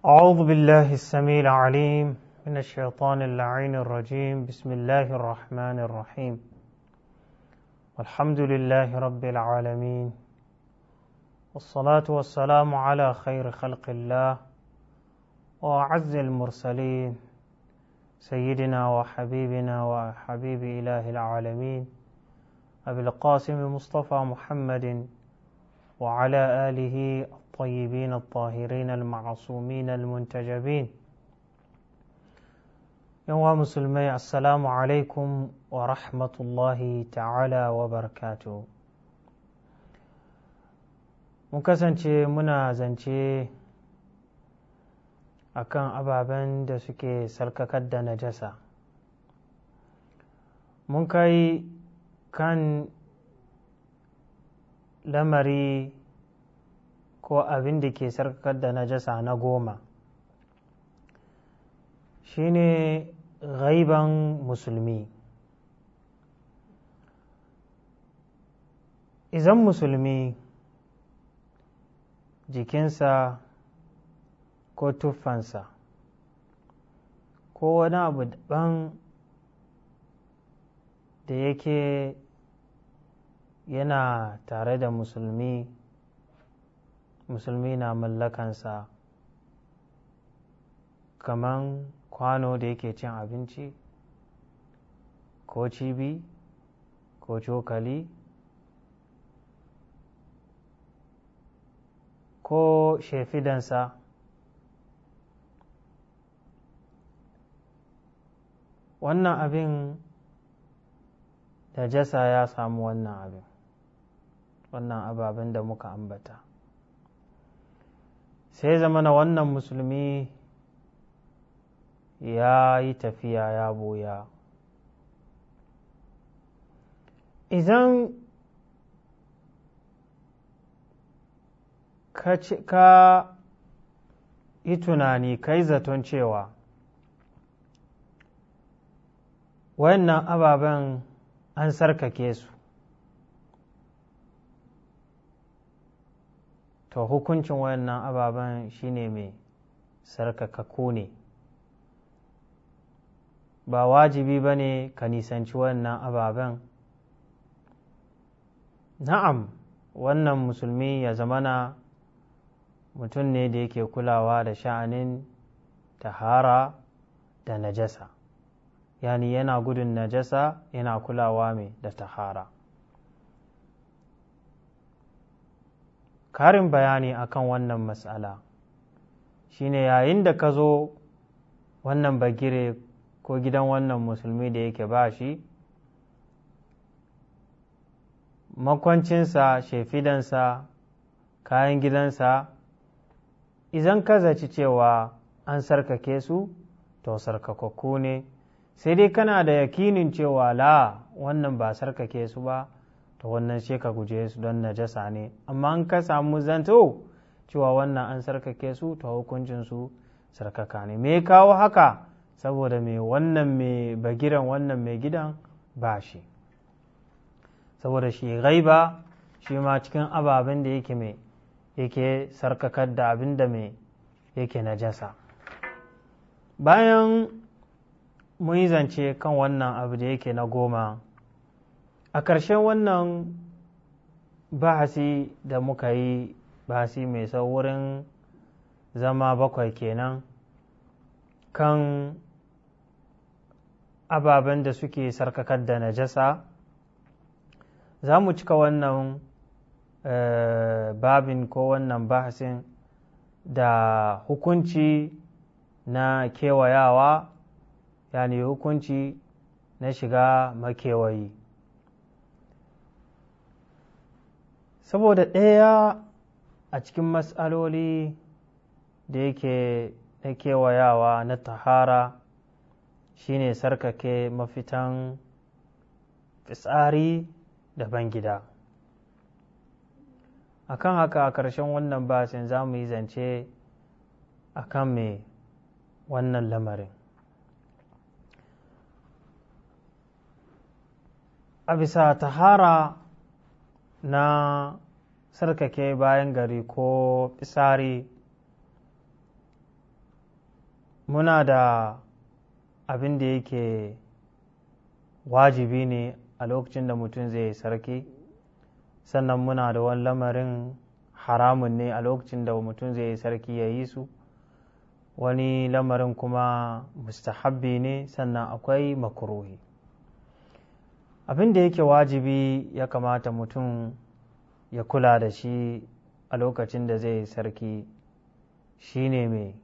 أعوذ بالله السميع العليم من الشيطان اللعين الرجيم بسم الله الرحمن الرحيم والحمد لله رب العالمين والصلاة والسلام على خير خلق الله وأعز المرسلين سيدنا وحبيبنا وحبيب إله العالمين أبي القاسم مصطفى محمد وعلى آله الطيبين الطاهرين المعصومين المنتجبين يوم مسلمي السلام عليكم ورحمة الله تعالى وبركاته mun kasance muna zance a kan ababen da suke sarkakar da najasa mun kai kan lamari ko abin da ke sarkar da najasa na goma shine ghaiban musulmi izan musulmi jikinsa ko tuffansa ko wani abu daban da yake yana tare da musulmi musulmi na mallakansa kaman kwano da yake cin abinci ko cibi ko cokali ko shefidansa wannan abin da jasa ya samu wannan abin wannan ababen da muka ambata sai zamana wannan musulmi ya yi tafiya ya boya idan ka yi tunani ka yi zaton cewa wayannan ababen an sarkake su to hukuncin wayannan ababen shine mai sarkakakku ne ba wajibi ba ne ka nisanci wayannan ababen na'am wannan musulmi ya zamana mutum ne da yake kulawa da sha'anin tahara da najasa yani yana gudun najasa yana kulawa mai da tahara karin bayani akan wannan matsala shi shine yayin da ka zo wannan bagire ko gidan wannan musulmi da yake ba shi makwancinsa shefidansa kayan gidansa izan ka zaci cewa an sarkake su to sarkakakku ne sai dai kana da yakinin cewa la wannan ba sarkake su ba to wannan shi ka guje su don najasa ne amma an ka samu zanto cewa wannan an sarkake su ta hukuncinsu sarkaka ne me kawo haka saboda me wannan me bagiran wannan mai gidan ba shi saboda shi gaiba shi ma cikin ababen da yake mai yake sarkakar da abin da mai yake najasa bayan mun yi zance kan wannan abu da yake na goma a ƙarshen wannan bahasi da muka yi bahasi mai saurin zama bakwai kenan kan ababen da suke sarkakar da najasa za mu cika wannan eh, babin ko wannan bahasin da hukunci na kewayawa yani hukunci na shiga makewayi saboda ɗaya a cikin matsaloli da yake na kewayawa na tahara shine sarkake mafitan fitsari da bangida akan haka a ƙarshen wannan basin za mu yi zance a kan mai wannan lamarin a bisa tahara na sarkake bayan gari ko fisari muna da abin da yake wajibi ne a lokacin da mutum zai yi sarki sannan muna da wani lamarin haramun ne a lokacin da mutum zai yi sarki ya yi su wani lamarin kuma mustahabbi ne sannan akwai makuruhi abin da yake wajibi ya kamata mutum ya kula da shi a lokacin da zai sarki shine mai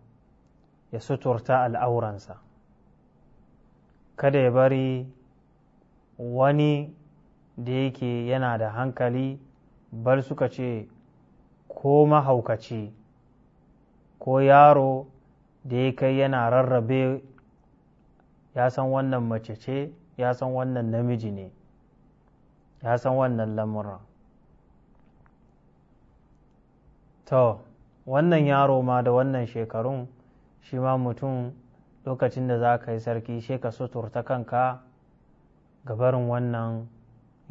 ya suturta al'auransa kada ya bari wani da yake yana da hankali bar suka ce ko mahaukaci ko yaro da ya kai yana rarrabe ya san wannan mace ce ya san wannan namiji ne ya san wannan lamuran to wannan yaro ma da wannan shekarun shi ma mutum lokacin da za ka yi sarki sheka ka suturta kanka gabarin wannan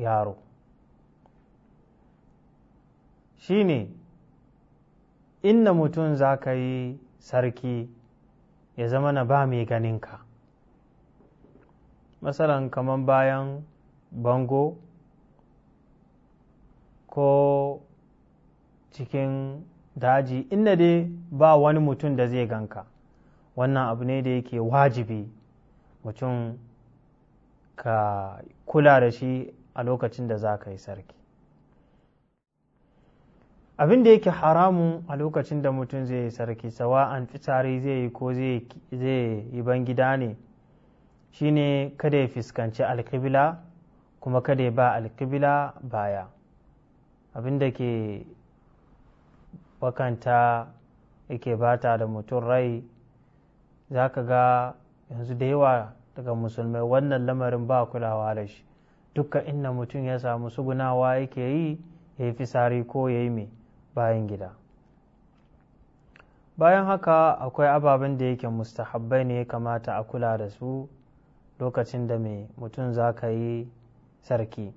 yaro shi ne inda mutum za ka yi sarki ya zama na ba mai ganinka matsalan kaman bayan bango ko cikin daji inda dai ba wani mutum da zai ganka wannan abu ne da yake wajibi mutum ka kula da shi a lokacin da za ka yi sarki abin da yake haramun a lokacin da mutum zai yi sarki sawa an fitsari zai yi ko zai yi gida ne shine kada ya fuskanci alkibila kuma kada ya ba alkibila baya abinda ke bakanta yake bata da mutum rai za ka ga yanzu da yawa daga musulmai wannan lamarin ba kulawa da shi dukkan inda mutum ya samu sugunawa yake yi ya yi fisari ko ya yi mai bayan gida bayan haka akwai ababen da yake mustahabbai ne kamata a kula da su lokacin da mai mutum za ka yi sarki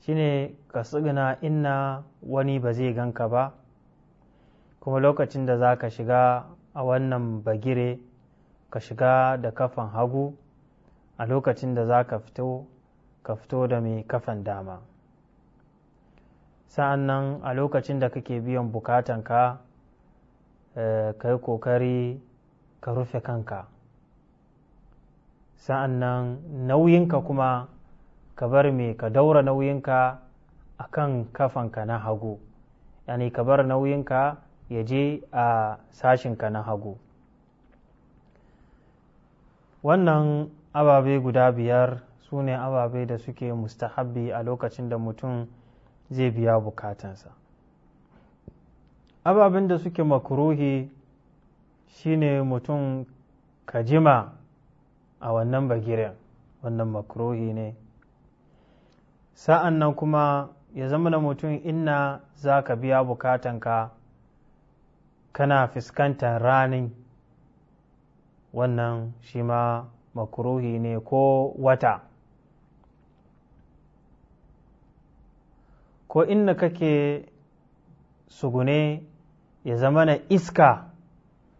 shine ka tsuguna inna wani ba zai ganka ba kuma lokacin da za ka shiga a wannan bagire ka shiga da kafan hagu a lokacin da za ka fito ka fito da mai kafan dama sa'an nan a lokacin da kake biyan bukatanka eh, ka yi ƙoƙari ka rufe kanka sa'an nan nauyinka kuma ka bar me ka daura nauyinka a kan kafanka na hagu yani ka bar nauyinka ya je a sashinka na hagu wannan ababe guda biyar su ne ababe da suke mustahabbi a lokacin da mutum zai biya bukatansa ababen da suke makuruhi shine mutum ka jima a wannan bagiren wannan makrohi ne sa'an nan kuma ya zama na mutum inna za ka biya bukatanka kana fuskantar rani wannan shi ma makrohi ne ko wata ko inna kake sugune ya zama na iska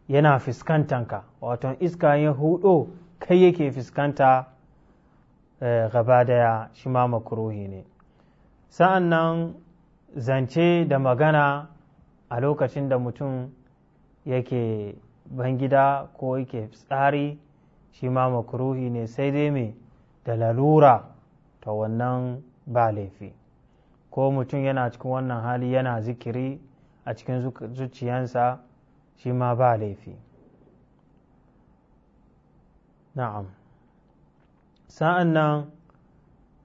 yana fuskantanka wato iska ya hudo kai yake fuskanta eh, gaba daya shi ma makuruhi ne sa'an zance da magana a lokacin da mutum yake bangida ko yake tsari shi ma makuruhi ne sai dai mai da lalura ta wannan ba laifi ko mutum yana cikin wannan hali yana zikiri a cikin zuciyansa shi ma ba laifi na'am sa'an nan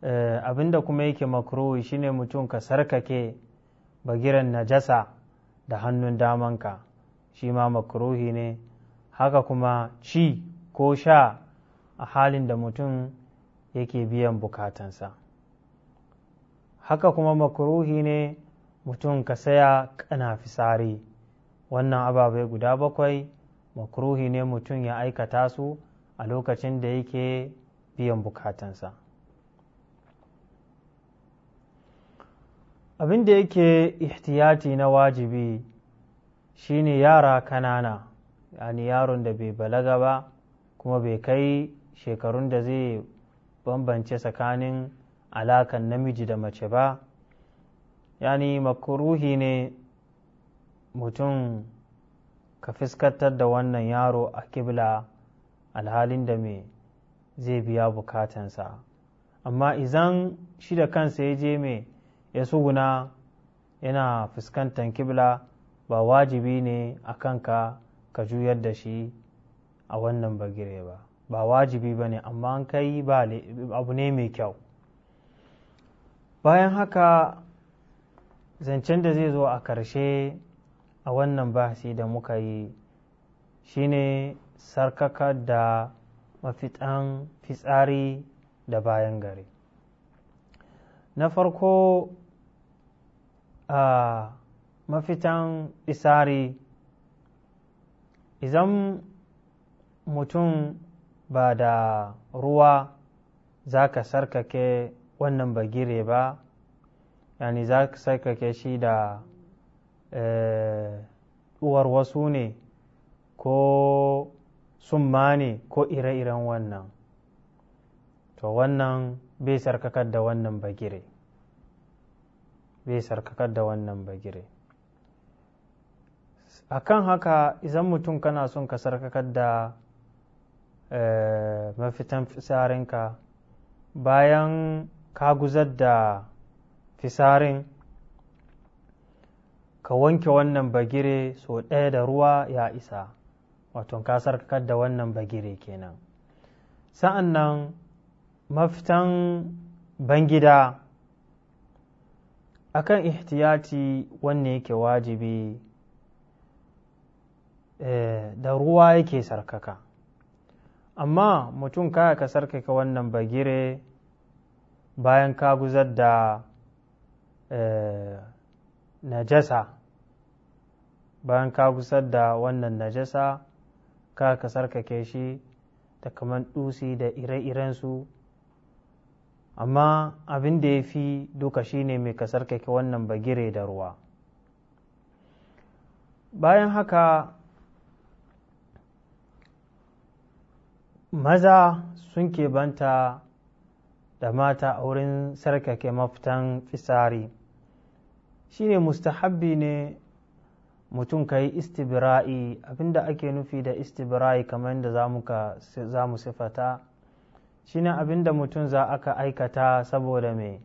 eh, abinda kuma yake makruhi shine mutum ka sarkake bagiran najasa da hannun damanka shi ma makruhi ne haka kuma ci ko sha a halin da mutum yake biyan bukatansa haka kuma makruhi ne mutum ka saya kana fisari wannan ababai guda bakwai makruhi ne mutum ya aikata su a lokacin da yake biyan bukatansa abin da yake ihtiyati na wajibi shine yara kanana yani yaron da bai balaga ba kuma bai kai shekarun da zai bambance tsakanin alakan namiji da mace ba yani makruhi ne mutum ka fuskantar da wannan yaro a kibla alhalin da me zai biya bukatansa amma izan shi da kansa ya je me ya suguna yana fuskantar kibla ba wajibi ne a kanka ka juyar da shi a wannan bagire ba ba wajibi ba ne amma an kai abu ne mai kyau bayan haka zancen da zai zo a ƙarshe a wannan bahasi da muka yi shi ne sarkaka da mafitan fitsari da bayan gari na farko a mafitan fitsari idan mutum ba da ruwa za ka sarkake wannan bagire ba yani za ka sarkake shi da Eh, uwar wasu ne ko summa ne ko ire-iren wannan to wannan bai sarkakar da wannan bagire bai sarkakar da wannan bagire akan haka izan mutum kana son ka sarkakar da eh, mafitan fisarinka bayan ka guzar da fisarin ka wanke wannan bagire so ɗaya da ruwa ya isa wato ka sarkar da wannan bagire kenan sa'an nan mafitan bangida akan ihtiyati wanne yake wajibi eh, da ruwa yake sarkaka amma mutum kaya ka sarkaka wannan bagire bayan ka guzar da eh, najasa bayan ka gusar da wannan najasa ka ka sarkake shi da kamar dusi da ire-irensu amma abin da ya fi duka shi ne mai ka sarkake wannan bagire da ruwa bayan haka maza sun ke banta da mata a wurin sarkake mafitan fisari Shi ne mustahabbi ne mutum ka yi istibra'i abinda ake nufi da istibra'i kamar yadda za mu sifata shine abinda mutum za aka aikata saboda mai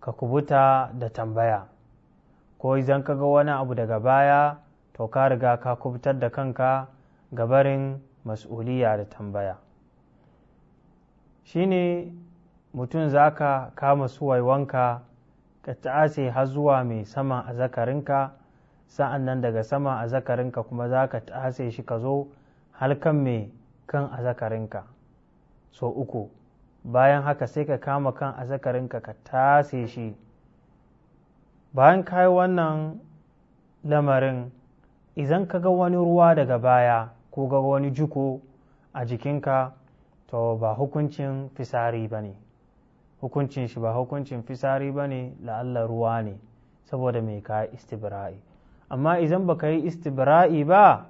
ka kubuta da tambaya ko idan ka ga wani abu daga baya to ka riga ka kubutar da kanka gabarin mas'uliya da tambaya shine mutum za ka kama suwaiwanka ka ta'ase har zuwa mai saman azakarinka sa'an nan daga sama a zakarinka kuma za ka tase shi ka zo halkan mai kan a zakarinka so uku bayan haka sai ka kama kan a zakarinka ka tase shi bayan ka yi wannan lamarin idan ka ga wani ruwa daga baya ko ga wani juko a jikinka to ba hukuncin fisari ba ne hukuncin shi ba hukuncin fisari ba ne la'alla ruwa ne saboda mai ka istibra'i amma izan baka yi istibra'i ba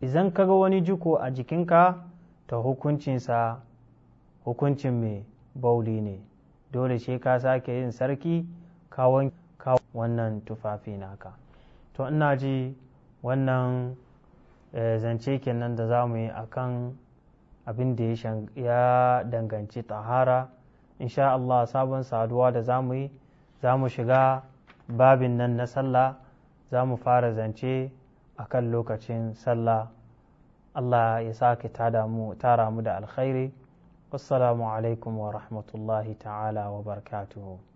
idan kaga wani jiko a jikinka ta hukuncinsa hukuncin mai bauli ne dole shi ka sake yin sarki kawon wannan tufafi naka to ina ji wannan eh, zance kenan da za mu yi a kan abin da ya danganci tahara insha Allah sabon saduwa da za mu yi za mu shiga babin nan na sallah za mu fara zance a kan lokacin sallah Allah ya sake tara mu da alkhairi wassalamu alaikum wa rahmatullahi ta'ala wa barakatuhu